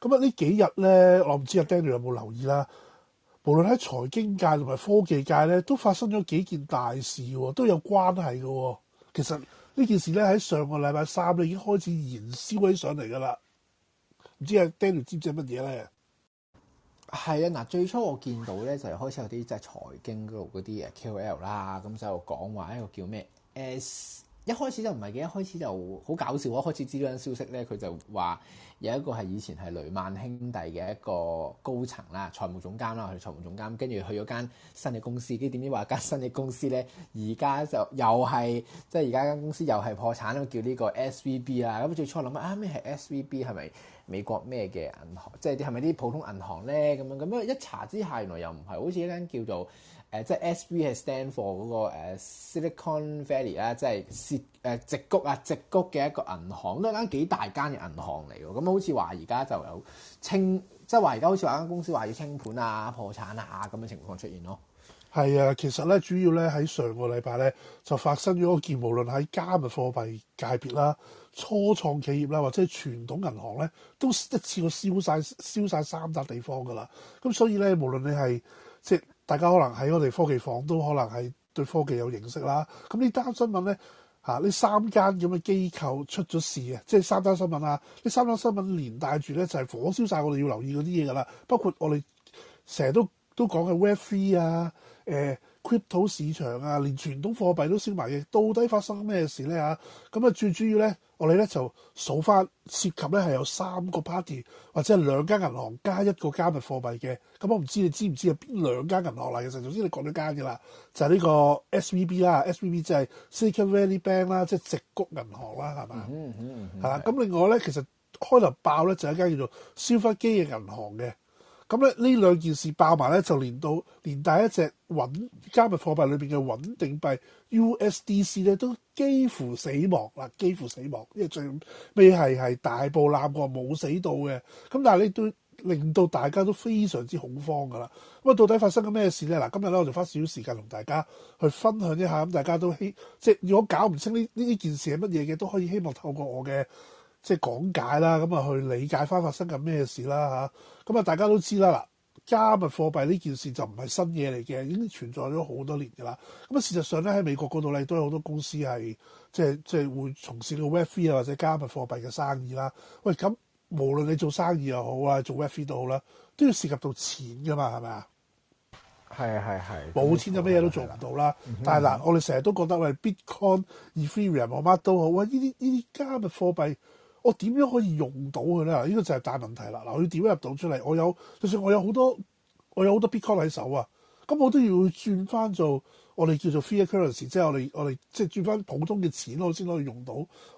咁啊！呢幾日咧，我唔知阿 Daniel 有冇留意啦。無論喺財經界同埋科技界咧，都發生咗幾件大事，都有關係嘅。其實呢件事咧，喺上個禮拜三咧已經開始燃燒起上嚟噶啦。唔知阿 Daniel 知唔知係乜嘢咧？係啊，嗱，最初我見到咧就係開始有啲即係財經嗰度嗰啲誒 KOL 啦，咁就講話一個叫咩 S。一開始就唔係嘅，一開始就好搞笑啊！我一開始知道樣消息咧，佢就話有一個係以前係雷曼兄弟嘅一個高層啦，財務總監啦，佢財務總監，跟住去咗間新嘅公司，跟住點知話間新嘅公司咧，而家就又係即係而家間公司又係破產啦，叫呢個 SVB 啊！咁最初諗緊啊咩係 SVB 係咪美國咩嘅銀行？即係啲係咪啲普通銀行咧？咁樣咁樣一查之下原來又唔係，好似一間叫做。誒、呃，即係 S. V 係 stand for d 嗰、那個、呃、Silicon Valley 啦，即係誒直谷啊，直谷嘅一個銀行都係間幾大間嘅銀行嚟㗎。咁好似話而家就有清，即係話而家好似話間公司話要清盤啊、破產啊咁嘅情況出現咯。係啊，其實咧，主要咧喺上個禮拜咧就發生咗一件，無論喺加密貨幣界別啦、初創企業啦，或者係傳統銀行咧，都一次過燒晒燒曬三笪地方㗎啦。咁所以咧，無論你係即係。大家可能喺我哋科技房都可能係對科技有認識啦。咁呢單新聞咧，嚇、啊、呢三間咁嘅機構出咗事啊，即係三單新聞啊。呢三單新聞連帶住咧就係、是、火燒晒我哋要留意嗰啲嘢噶啦。包括我哋成日都都講嘅 Web 3啊，誒、呃。Crypto 市場啊，連傳統貨幣都升埋嘅，到底發生咩事咧嚇？咁啊，最主要咧，我哋咧就數返涉及咧係有三個 party 或者係兩間銀行加一個加密貨幣嘅。咁我唔知你知唔知啊？邊兩間銀行嚟、啊、嘅？其實總之你講咗間㗎啦，就係、是、呢個 SVB 啦 s,、mm hmm. SVB 即係 Silicon Valley Bank 啦，即、就、係、是、矽谷銀行啦，係嘛？嗯嗯嗯。係、hmm. 啦，咁另外咧，其實開頭爆咧就係、是、一間叫做 Silvergate 嘅銀行嘅。咁咧呢兩件事爆埋咧，就連到連帶一隻穩加密貨幣裏邊嘅穩定幣 USDC 咧，都幾乎死亡啦，幾乎死亡。因為最尾係係大步躐過冇死到嘅。咁但係你都令到大家都非常之恐慌㗎啦。咁啊，到底發生緊咩事咧？嗱，今日咧我就花少少時間同大家去分享一下，咁大家都希即係如果搞唔清呢呢呢件事係乜嘢嘅，都可以希望透過我嘅。即係講解啦，咁啊去理解翻發生緊咩事啦嚇。咁啊大家都知啦，嗱加密貨幣呢件事就唔係新嘢嚟嘅，已經存在咗好多年㗎啦。咁啊事實上咧喺美國嗰度，咧都有好多公司係即係即係會從事個 Web 3啊或者加密貨幣嘅生意啦。喂，咁無論你做生意又好啊，做 Web 3都好啦，都要涉及到錢㗎嘛，係咪啊？係係係。冇錢就乜嘢都做唔到啦。但係嗱、嗯哼，我哋成日都覺得喂 bitcoin、ethereum 我乜都好，喂呢啲呢啲加密貨幣。我點樣可以用到佢咧？呢、這個就係大問題啦！嗱，我要點樣入到出嚟？我有就算我有好多我有好多 Bitcoin 喺手啊，咁我都要轉翻做我哋叫做 fiat currency，即係我哋我哋即係轉翻普通嘅錢我先可以用到，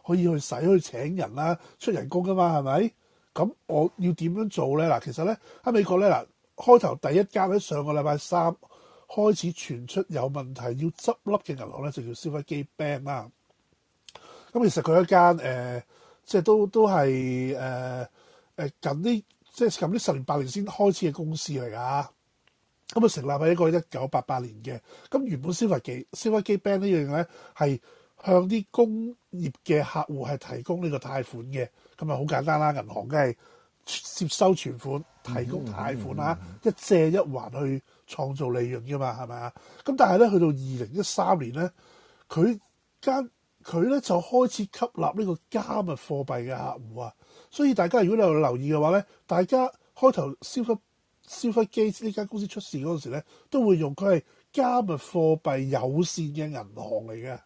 可以去使去請人啦，出人工噶嘛，係咪？咁我要點樣做咧？嗱，其實咧喺美國咧嗱，開頭第一間喺上個禮拜三開始傳出有問題，要執笠嘅銀行咧就叫 Silvergate Bank 啦。咁其實佢一間誒。呃即係都都係誒誒近啲，即係近啲十年八年先開始嘅公司嚟㗎。咁、嗯、啊成立喺一個一九八八年嘅。咁、嗯嗯嗯、原本 Silvergate Silvergate Bank 呢樣咧係向啲工業嘅客戶係提供呢個貸款嘅。咁啊好簡單啦，銀行梗係接收存款、提供貸款啦，嗯嗯、一借一還去創造利潤㗎嘛，係咪啊？咁、嗯、但係咧，去到二零一三年咧，佢間，佢咧就開始吸納呢個加密貨幣嘅客戶啊，所以大家如果你有留意嘅話咧，大家開頭 Silver Silvergate 呢間公司出事嗰陣時咧，都會用佢係加密貨幣友善嘅銀行嚟嘅。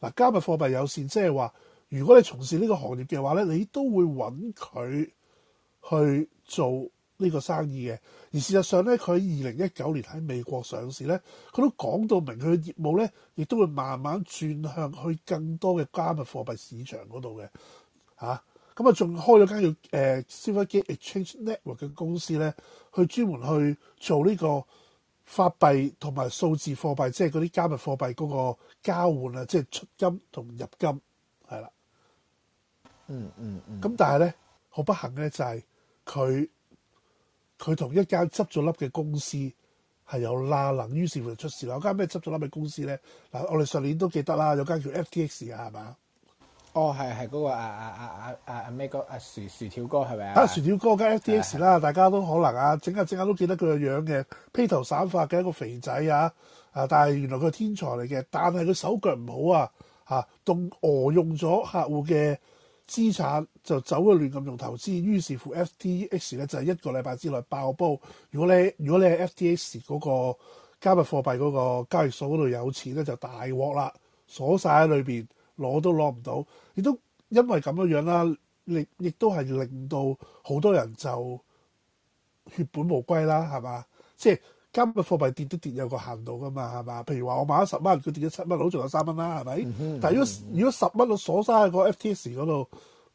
嗱，加密貨幣友善即係話，如果你從事呢個行業嘅話咧，你都會揾佢去做呢個生意嘅，而事實上咧，佢喺二零一九年喺美國上市咧，佢都講到明佢嘅業務咧，亦都會慢慢轉向去更多嘅加密貨幣市場嗰度嘅，嚇咁啊，仲開咗間叫誒 Silvergate Exchange Network 嘅公司咧，去專門去做呢個法幣同埋數字貨幣，即係嗰啲加密貨幣嗰個交換啊，即係出金同入金，係啦、嗯，嗯嗯嗯，咁但係咧，好不幸咧，就係佢。佢同一間執咗笠嘅公司係有罅能，於是乎出事。有間咩執咗笠嘅公司咧？嗱，我哋上年都記得啦，有間叫 FTX 啊，係嘛？哦、啊，係係嗰個啊啊啊啊啊咩哥啊薯薯條哥係咪啊？薯條哥間 FTX 啦，大家都可能啊，整下整下都記得佢個樣嘅，披頭散發嘅一個肥仔啊啊！但係原來佢係天才嚟嘅，但係佢手腳唔好啊嚇，啊啊動用挪用咗客戶嘅。資產就走咗，亂咁用投資，於是乎 FTX 咧就係一個禮拜之內爆煲。如果你如果你係 FTX 嗰個加密貨幣嗰個交易所嗰度有錢咧，就大鑊啦，鎖晒喺裏邊，攞都攞唔到。亦都因為咁樣樣啦，亦亦都係令到好多人就血本無歸啦，係嘛？即係。加密貨幣跌都跌有個限度噶嘛，係嘛？譬如話我買咗十蚊，佢跌咗七蚊，我都仲有三蚊啦，係咪？ 但係如果如果十蚊我鎖晒喺個 FTS 嗰度。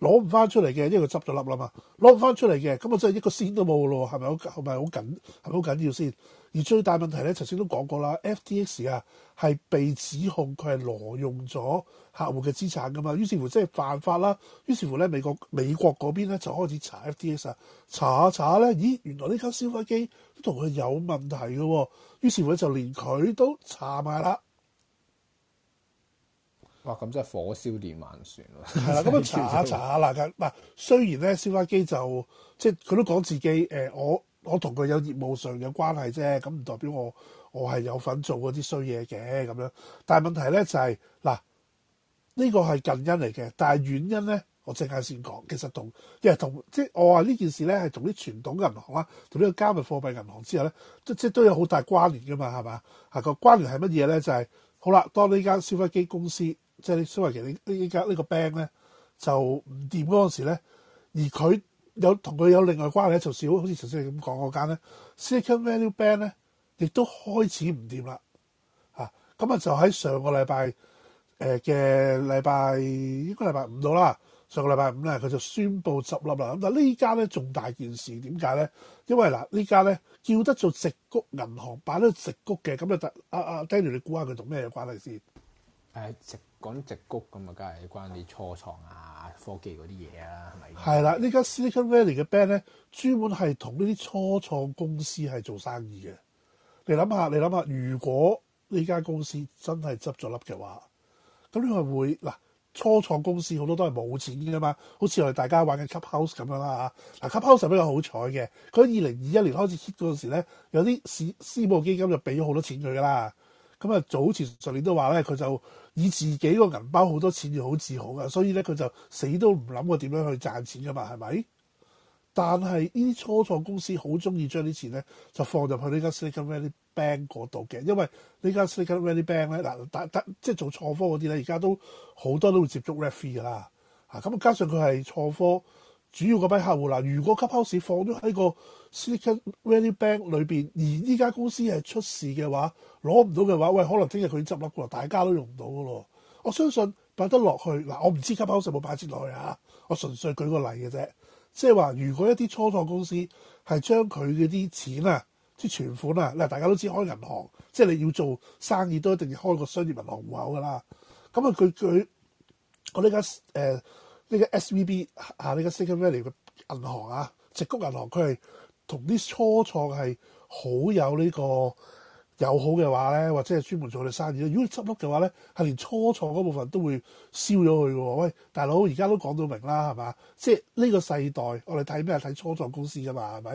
攞唔翻出嚟嘅，因為佢執咗粒啦嘛，攞唔翻出嚟嘅，咁啊真係一個線都冇嘅咯，係咪好係咪好緊係咪好緊要先？而最大問題咧，頭先都講過啦，FTX 啊係被指控佢係挪用咗客戶嘅資產噶嘛，於是乎即係犯法啦，於是乎咧美國美國嗰邊咧就開始查 FTX 啊，查下查下咧，咦原來呢間消費機都同佢有問題嘅，於是乎就連佢都查埋啦。哇！咁真係火燒電慢船喎。係 啦，咁樣查下查下，嗱，嗱，雖然咧，燒花機就即係佢都講自己誒、呃，我我同佢有業務上嘅關係啫。咁唔代表我我係有份做嗰啲衰嘢嘅咁樣。但係問題咧就係、是、嗱，呢、這個係近因嚟嘅，但係遠因咧，我正眼先講，其實同亦係同即係我話呢件事咧係同啲傳統銀行啦，同呢個加密貨幣銀行之後咧，即即都有好大關聯㗎嘛，係嘛？啊個關聯係乜嘢咧？就係、是、好啦，當呢間燒花機公司。即係蘇維其，呢呢間呢個 bank 咧就唔掂嗰陣時咧，而佢有同佢有另外關係咧，就少好似頭先你咁講嗰間咧，Second Value Bank 咧亦都開始唔掂啦嚇，咁啊就喺上個禮拜誒嘅禮拜，應該禮拜五到啦，上個禮拜五咧佢就宣布執笠啦。咁但係呢間咧仲大件事點解咧？因為嗱、啊、呢間咧叫得做矽谷銀行，擺喺矽谷嘅咁啊，阿、啊、阿 Daniel，你估下佢同咩嘢關係先？誒矽、啊。講直谷咁啊，梗係關啲初創啊、科技嗰啲嘢啊，係咪？係啦，呢間 Silicon Valley 嘅 bank 咧，專門係同呢啲初創公司係做生意嘅。你諗下，你諗下，如果呢間公司真係執咗笠嘅話，咁你係會嗱初創公司好多都係冇錢㗎嘛。好似我哋大家玩嘅 Clubhouse 咁樣啦嚇。嗱、啊、Clubhouse 比較好彩嘅，佢喺二零二一年開始 hit 嗰陣時咧，有啲市私，私募基金就俾咗好多錢佢㗎啦。咁啊，早前上年都話咧，佢就以自己個銀包好多錢要好自豪嘅，所以咧佢就死都唔諗過點樣去賺錢噶嘛，係咪？但係呢啲初創公司好中意將啲錢咧就放入去呢間 Silicon Valley Bank 度嘅，因為呢間 Silicon Valley Bank 咧嗱，但即係做創科嗰啲咧，而家都好多都會接觸 refi 噶啦，啊咁、啊、加上佢係創科。主要嗰批客戶嗱，如果吸泡市放咗喺個 Silicon Valley Bank 裏邊，而呢間公司係出事嘅話，攞唔到嘅話，喂，可能聽日佢已經執笠噶啦，大家都用唔到噶咯。我相信擺得落去嗱，我唔知吸泡市有冇擺接落去啊。我純粹舉個例嘅啫，即係話，如果一啲初創公司係將佢嘅啲錢啊、即存款啊，嗱，大家都知開銀行，即係你要做生意都一定要開個商業銀行戶口噶啦。咁啊，佢佢我呢間誒。呃呢個 SVB 啊，呢個 Silicon Valley 嘅銀行啊，矽谷銀行佢係同啲初創係好有呢個友好嘅話咧，或者係專門做你生意。如果你執笠嘅話咧，係連初創嗰部分都會燒咗佢嘅。喂，大佬而家都講到明啦，係嘛？即係呢個世代，我哋睇咩睇初創公司㗎嘛？係咪？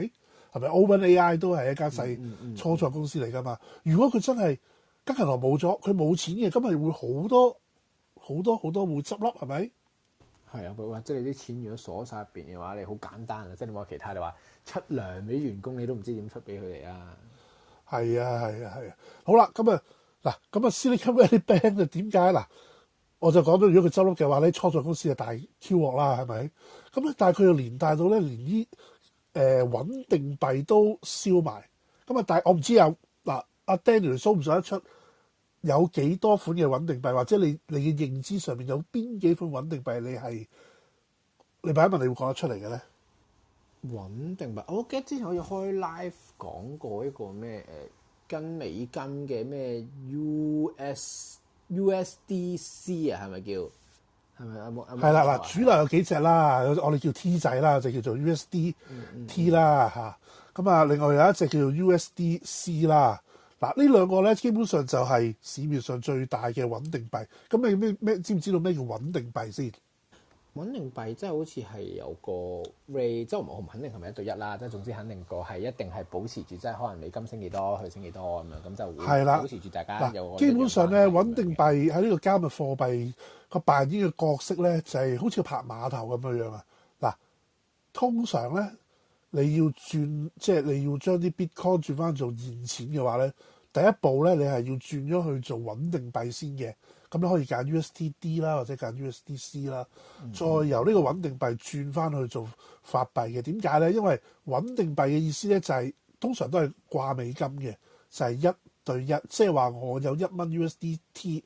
係咪 OpenAI 都係一間細初創公司嚟㗎嘛？如果佢真係間銀行冇咗，佢冇錢嘅，今日會好多好多好多會執笠係咪？係啊，即係你啲錢如果鎖晒入邊嘅話，你好簡單啊！即係你冇其他，你話出糧俾員工，你都唔知點出俾佢哋啊！係啊，係啊，係啊！好啦，咁啊嗱，咁啊 Silicon Valley Bank 就點解嗱？我就講到，如果佢執笠嘅話咧，初創公司就大 Q 鑊啦，係咪？咁咧，但係佢又連帶到咧、e，呃，連依誒穩定幣都燒埋。咁啊，但係我唔知啊嗱，阿 Daniel 蘇唔想得出？有幾多款嘅穩定幣，或者你你嘅認知上面有邊幾款穩定幣，你係你問一問，你會講得出嚟嘅咧？穩定幣。我記得之前好似開 live 講過一個咩誒、呃、跟美金嘅咩 US USDC 啊，係咪叫係咪阿木？係啦，嗱，主流有幾隻啦，我哋叫 T 仔啦，就叫做 USDT 啦嚇。咁啊，另外有一隻叫做 USDC 啦。嗱，呢兩個咧，基本上就係市面上最大嘅穩定幣。咁你咩咩知唔知道咩叫穩定幣先？穩定幣即係好似係有個 rate 即係我唔肯定係咪一對一啦。即係總之肯定個係一定係保持住，即係可能你今升幾多，佢升幾多咁樣，咁就會係啦，保持住大家的。基本上咧，穩定幣喺呢個加密貨幣個扮演嘅角色咧，就係好似個泊碼頭咁嘅樣啊。嗱，通常咧。你要轉，即係你要將啲 Bitcoin 轉翻做現錢嘅話咧，第一步咧，你係要轉咗去做穩定幣先嘅，咁你可以揀 USDT 啦，或者揀 USDC 啦，再由呢個穩定幣轉翻去做法幣嘅。點解咧？因為穩定幣嘅意思咧，就係通常都係掛美金嘅，就係一對一，即係話我有一蚊 USDT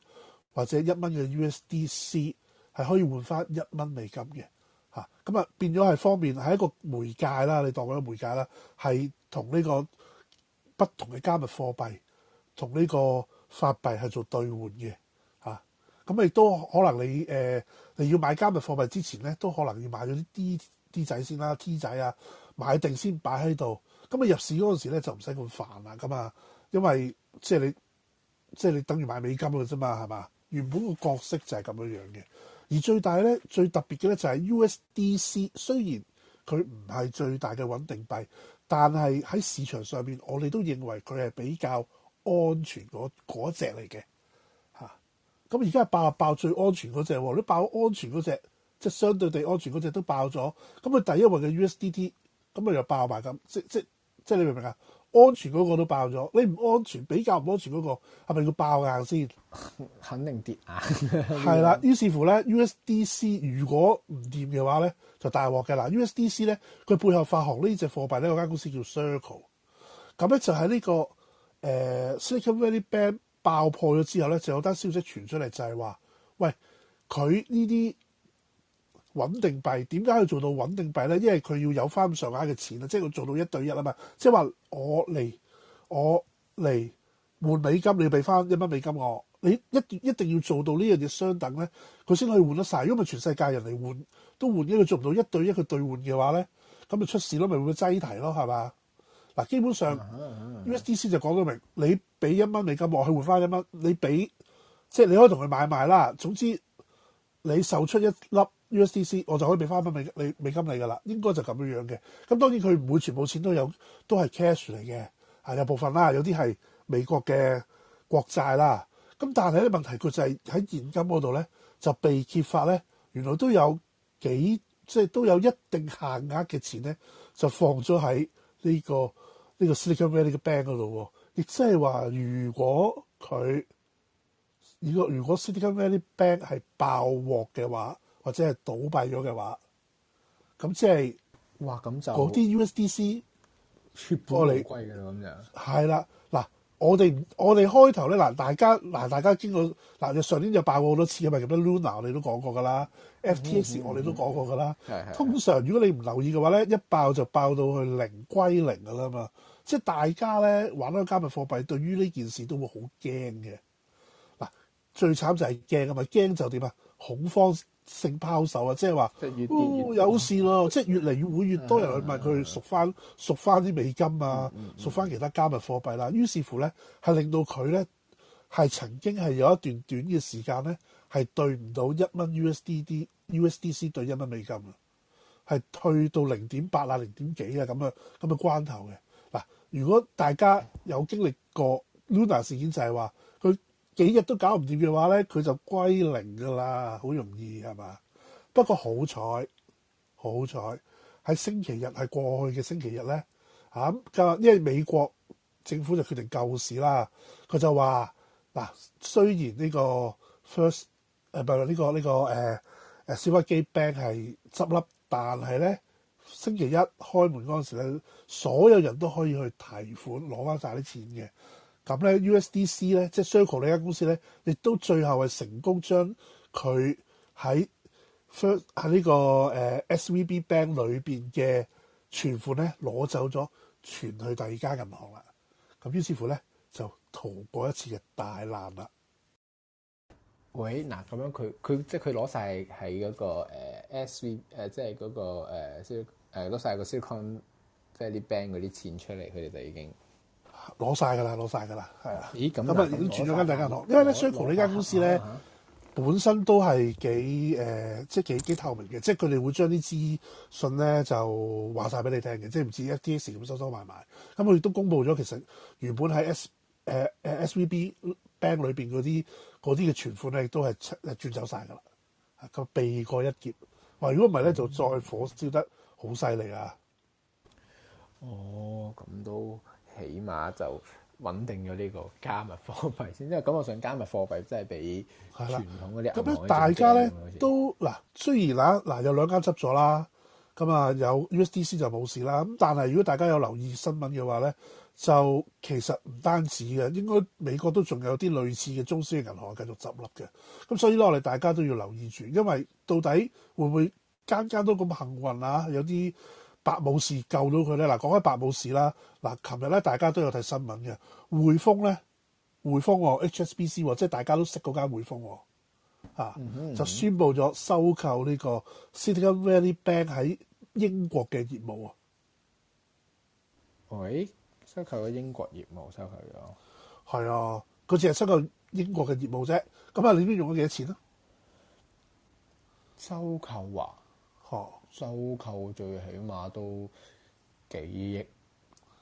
或者一蚊嘅 USDC 係可以換翻一蚊美金嘅。嚇，咁啊，變咗係方便係一個媒介啦，你當佢係媒介啦，係同呢個不同嘅加密貨幣同呢個法幣係做兌換嘅嚇。咁、啊、亦都可能你誒、呃、你要買加密貨幣之前咧，都可能要買咗啲 D D 仔先啦，T 仔啊買定先擺喺度。咁、嗯、你入市嗰陣時咧就唔使咁煩啦，咁啊因為即係你即係你等於買美金嘅啫嘛，係嘛？原本個角色就係咁樣樣嘅。而最大咧，最特別嘅咧就係 USDC，雖然佢唔係最大嘅穩定幣，但係喺市場上面我哋都認為佢係比較安全嗰隻嚟嘅嚇。咁而家係爆爆最安全嗰隻喎，你爆安全嗰隻即係相對地安全嗰隻都爆咗，咁佢第一位嘅 USDT，咁佢又爆埋咁，即即即你明唔明啊？安全嗰個都爆咗，你唔安全，比較唔安全嗰、嗰個係咪要爆硬先？ 肯定跌啊！係 啦，於是乎咧，USDC 如果唔掂嘅話咧，就大鑊嘅啦。USDC 咧，佢背後發行呢隻貨幣咧，有間公司叫 Circle。咁咧就係呢、呢個誒 Silicon Valley Bank 爆破咗之後咧，就有單消息傳出嚟，就係話，喂佢呢啲。穩定幣點解要做到穩定幣咧？因為佢要有翻上街嘅錢啊，即係佢做到一對一啊嘛。即係話我嚟我嚟換美金，你要俾翻一蚊美金我，你一一定要做到呢樣嘢相等咧，佢先可以換得晒，如果咪全世界人嚟換都換，因為做唔到一對一佢兌換嘅話咧，咁咪出事咯，咪會擠提咯，係嘛嗱？基本上 USDC、嗯嗯嗯嗯、就講到明，你俾一蚊美金我，去換翻一蚊，你俾即係你可以同佢買賣啦。總之你售出一粒。USDC 我就可以俾翻翻美美美金你㗎啦，應該就咁樣樣嘅。咁當然佢唔會全部錢都有都係 cash 嚟嘅，啊有部分啦，有啲係美國嘅國債啦。咁但係咧，問題佢就係喺現金嗰度咧就被揭發咧，原來都有幾即係都有一定限額嘅錢咧，就放咗喺呢個呢、呢個 Silicon Valley Bank 嗰度喎。亦即係話，如果佢呢個如果 Silicon Valley Bank 係爆鑊嘅話，或者係倒閉咗嘅話，咁即係哇咁就嗰啲 USDC 血本無歸嘅咁就係啦嗱。我哋我哋開頭咧嗱，大家嗱，大家經過嗱，上年就爆過好多次啊，咪咁咗 Luna，我哋都講過噶啦，FTX 我哋都講過噶啦。嗯、哼通常如果你唔留意嘅話咧，一爆就爆到去零歸零嘅啦嘛。即係大家咧玩嗰啲加密貨幣，對於呢件事都會好驚嘅嗱。最慘就係驚啊嘛，驚就點啊恐慌性拋售啊，即係話，越越哦有事咯，即係越嚟越會越，越多人物物去問佢，嗯嗯嗯、贖翻贖翻啲美金啊，贖翻其他加密貨幣啦、啊。於是乎咧，係令到佢咧係曾經係有一段短嘅時間咧係兌唔到一蚊 USDT、USDC 兌一蚊美金啊，係退到零點八啊、零點幾啊咁啊咁嘅關頭嘅。嗱，如果大家有經歷過 Luna 事件就係話。幾日都搞唔掂嘅話咧，佢就歸零㗎啦，好容易係嘛？不過好彩，好彩喺星期日係過去嘅星期日咧嚇，啊，因為美國政府就決定救市啦，佢就話嗱，啊，雖然呢個 First 誒唔係呢個呢個誒誒 Silvergate Bank 係執笠，但係咧星期一開門嗰陣時咧，所有人都可以去提款攞翻晒啲錢嘅。咁咧，USDC 咧，即係 Circle 呢間公司咧，亦都最後係成功將佢喺喺呢個誒 SVB bank 裏邊嘅存款咧攞走咗，存去第二間銀行啦。咁於是乎咧，就逃過一次嘅大難啦。喂，嗱，咁樣佢佢即係佢攞晒喺嗰個 SV 誒，即係嗰、嗰個誒消攞晒個、uh, Silicon、啊、Sil 即係啲 bank 嗰啲錢出嚟，佢哋就已經。攞晒噶啦，攞晒噶啦，係啊！咁啊，已經轉咗間大二間行，因為咧，Circle 呢間公司咧本身都係幾誒，即係幾幾透明嘅、啊啊啊，即係佢哋會將啲資訊咧就話晒俾你聽嘅，即係唔似 FTX 咁收收埋埋。咁佢亦都公佈咗，其實原本喺 S 誒、呃、誒 SVB Bank 裏邊嗰啲啲嘅存款咧，都係轉走晒噶啦。咁避過一劫，話如果唔係咧，就再火燒得好犀利啊！哦，咁都。起碼就穩定咗呢個加密貨幣先，因為咁我想加密貨幣真係比傳統嗰啲銀行咁大家咧好都嗱，雖然嗱嗱有兩間執咗啦，咁啊有 USDC 就冇事啦。咁但係如果大家有留意新聞嘅話咧，就其實唔單止嘅，應該美國都仲有啲類似嘅中小型銀行繼續執笠嘅。咁所以我哋大家都要留意住，因為到底會唔會間間都咁幸運啊？有啲白武士救到佢咧嗱，講開白武士啦嗱，琴日咧大家都有睇新聞嘅，匯豐咧，匯豐喎、哦，HSBC 喎、哦，即係大家都識嗰間匯豐喎、哦，啊，嗯哼嗯哼就宣佈咗收購呢個 Silicon Valley Bank 喺英國嘅業務啊！喂、哎，收購咗英國業務，收購咗，係啊，佢只係收購英國嘅業務啫。咁啊，你邊用咗幾多錢啊？收購啊！收購最起碼都幾億、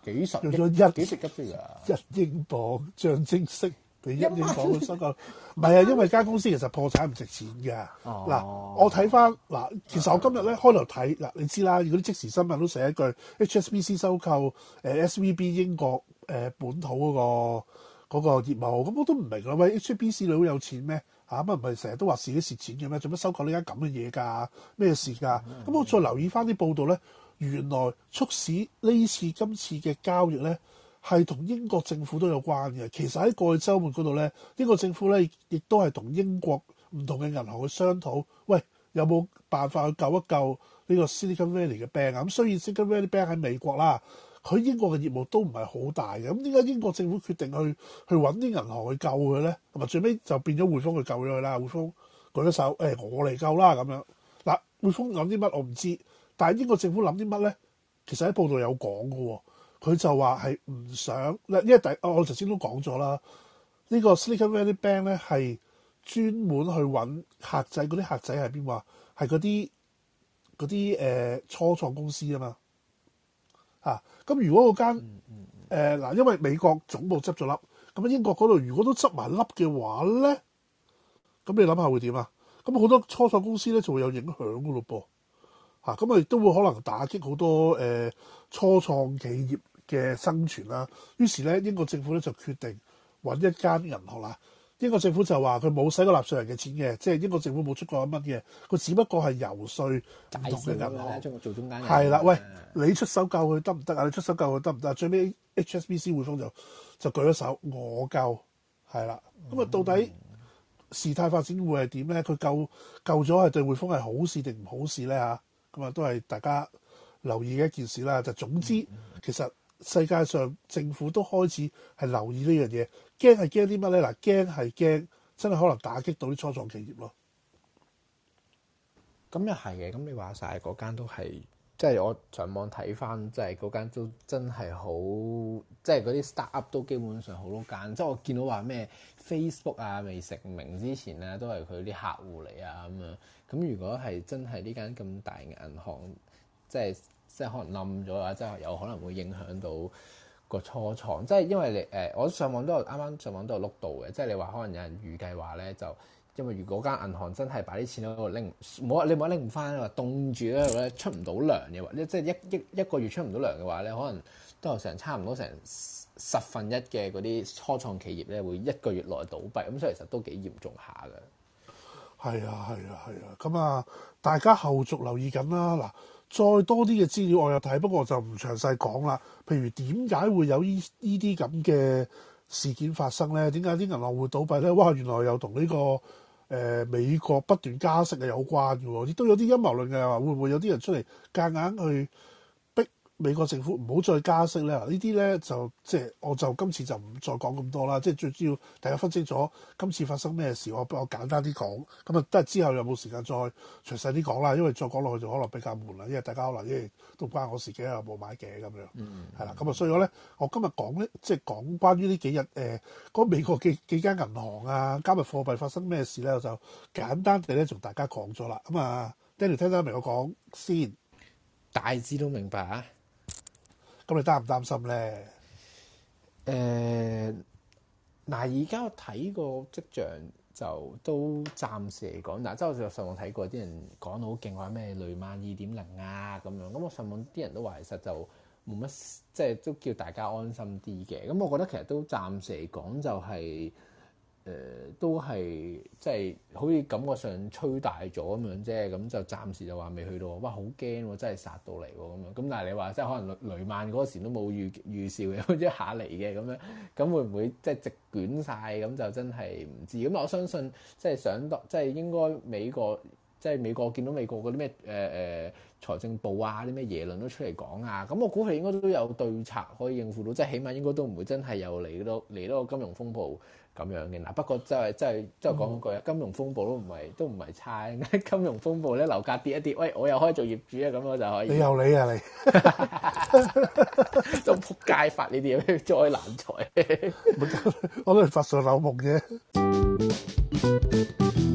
幾十，用咗了一幾十吉啊，一英鎊象徵式，俾一英鎊去收購。唔係啊，因為間公司其實破產唔值錢嘅。嗱、哦啊，我睇翻嗱，其實我今日咧開頭睇嗱、啊，你知啦，如果啲即時新聞都寫一句 HSBC 收購誒、呃、SVB 英國誒、呃、本土嗰、那個嗰、那個業務，咁、嗯、我都唔明啊。喂，HSBC 好有錢咩？嚇乜唔係成日都話自己蝕錢嘅咩？做乜收購呢間咁嘅嘢㗎？咩事㗎？咁、mm hmm. 我再留意翻啲報道咧，原來促使呢次今次嘅交易咧係同英國政府都有關嘅。其實喺過去週末嗰度咧，英國政府咧亦都係同英國唔同嘅銀行去商討，喂，有冇辦法去救一救呢個 Silicon Valley 嘅 Bank 啊？咁雖然 Silicon Valley 嘅 Bank 喺美國啦。佢英國嘅業務都唔係好大嘅，咁點解英國政府決定去去揾啲銀行去救佢咧？同埋最尾就變咗匯豐去救咗佢啦。匯豐舉咗手，誒、欸、我嚟救啦咁樣。嗱，匯豐諗啲乜我唔知，但係英國政府諗啲乜咧？其實喺報道有講嘅喎，佢就話係唔想，嗱，因為第我我頭先都講咗啦，呢、呢個 Silicon Valley Bank 咧係專門去揾客仔，嗰啲客仔係邊話係嗰啲嗰啲誒初創公司啊嘛。啊，咁如果嗰間嗱、呃，因為美國總部執咗笠，咁啊英國嗰度如果都執埋笠嘅話咧，咁你諗下會點啊？咁好多初創公司咧就會有影響噶咯噃，嚇咁啊亦都會可能打擊好多誒、呃、初創企業嘅生存啦。於是咧英國政府咧就決定揾一間銀行啦。英國政府就話佢冇使過納稅人嘅錢嘅，即係英國政府冇出過一蚊嘅，佢只不過係遊說唔同嘅銀行。係啦、啊啊，喂，你出手救佢得唔得啊？你出手救佢得唔得？最尾 HSBC 匯豐就就舉咗手，我救係啦。咁啊，到底事態發展會係點咧？佢救救咗係對匯豐係好事定唔好事咧？吓，咁啊，都係大家留意嘅一件事啦。就總之，嗯嗯其實。世界上政府都開始係留意呢樣嘢，驚係驚啲乜咧？嗱，驚係驚真係可能打擊到啲初創企業咯。咁又係嘅，咁你話晒嗰間都係，即係我上網睇翻，即係嗰間都真係好，即係嗰啲 start up 都基本上好多間。即係我見到話咩 Facebook 啊未成名之前咧，都係佢啲客戶嚟啊咁樣。咁如果係真係呢間咁大嘅銀行，即係。即係可能冧咗啊！即係有可能會影響到個初創，即係因為你誒、呃，我上網都有，啱啱上網都有碌到嘅，即係你話可能有人預計話咧，就因為如果間銀行真係擺啲錢喺度拎，冇啊，你冇得拎唔翻啊，凍住咧，出唔到糧嘅話，即係一一一個月出唔到糧嘅話咧，可能都有成差唔多成十分一嘅嗰啲初創企業咧，會一個月內倒閉，咁所以其實都幾嚴重下㗎。係啊，係啊，係啊，咁啊，大家後續留意緊啦嗱。再多啲嘅資料我有睇，不過就唔詳細講啦。譬如點解會有呢呢啲咁嘅事件發生呢？點解啲銀行會倒閉呢？哇！原來又同呢個誒、呃、美國不斷加息係有關嘅，亦都有啲陰謀論嘅話，會唔會有啲人出嚟夾硬去？美國政府唔好再加息咧。呢啲咧就即係，我就今次就唔再講咁多啦。即係最主要，大家分清楚今次發生咩事，我、我簡單啲講。咁啊，都係之後有冇時間再詳細啲講啦。因為再講落去就可能比較悶啦。因為大家可能因亦、欸、都關我事嘅，又有冇買嘅咁樣係啦。咁啊、嗯嗯，所以我咧，我今日講咧，即係講關於呢幾日誒嗰、呃、美國嘅幾間銀行啊、加密貨幣發生咩事咧，我就簡單地咧同大家講咗啦。咁啊，Daniel 聽得明我講先，大致都明白啊。咁你擔唔擔心咧？誒、呃，嗱，而家我睇個跡象就都暫時嚟講，嗱，即係我上網睇過啲人講到好勁話咩雷曼二點零啊咁樣，咁我上網啲人都話其實就冇乜，即係都叫大家安心啲嘅。咁我覺得其實都暫時嚟講就係、是。誒、呃、都係即係，好似感覺上吹大咗咁樣啫。咁就暫時就話未去到，哇！好驚喎，真係殺到嚟喎咁樣。咁但係你話即係可能雷曼嗰時都冇預預兆嘅，好似一下嚟嘅咁樣，咁會唔會即係直捲晒？咁就真係唔知。咁我相信即係想當即係應該美國即係美國，美國見到美國嗰啲咩誒誒財政部啊啲咩嘢論都出嚟講啊。咁我估佢應該都有對策可以應付到，即係起碼應該都唔會真係又嚟到嚟到個金融風暴。咁樣嘅。嗱，不過真係真係真係講句啊、嗯，金融風暴都唔係都唔係差嘅，金融風暴咧，樓價跌一跌，喂，我又可以做業主啊，咁樣我就可以。你有理啊你，就 撲 街發呢啲嘢，災難財。 我都係發上樓夢啫。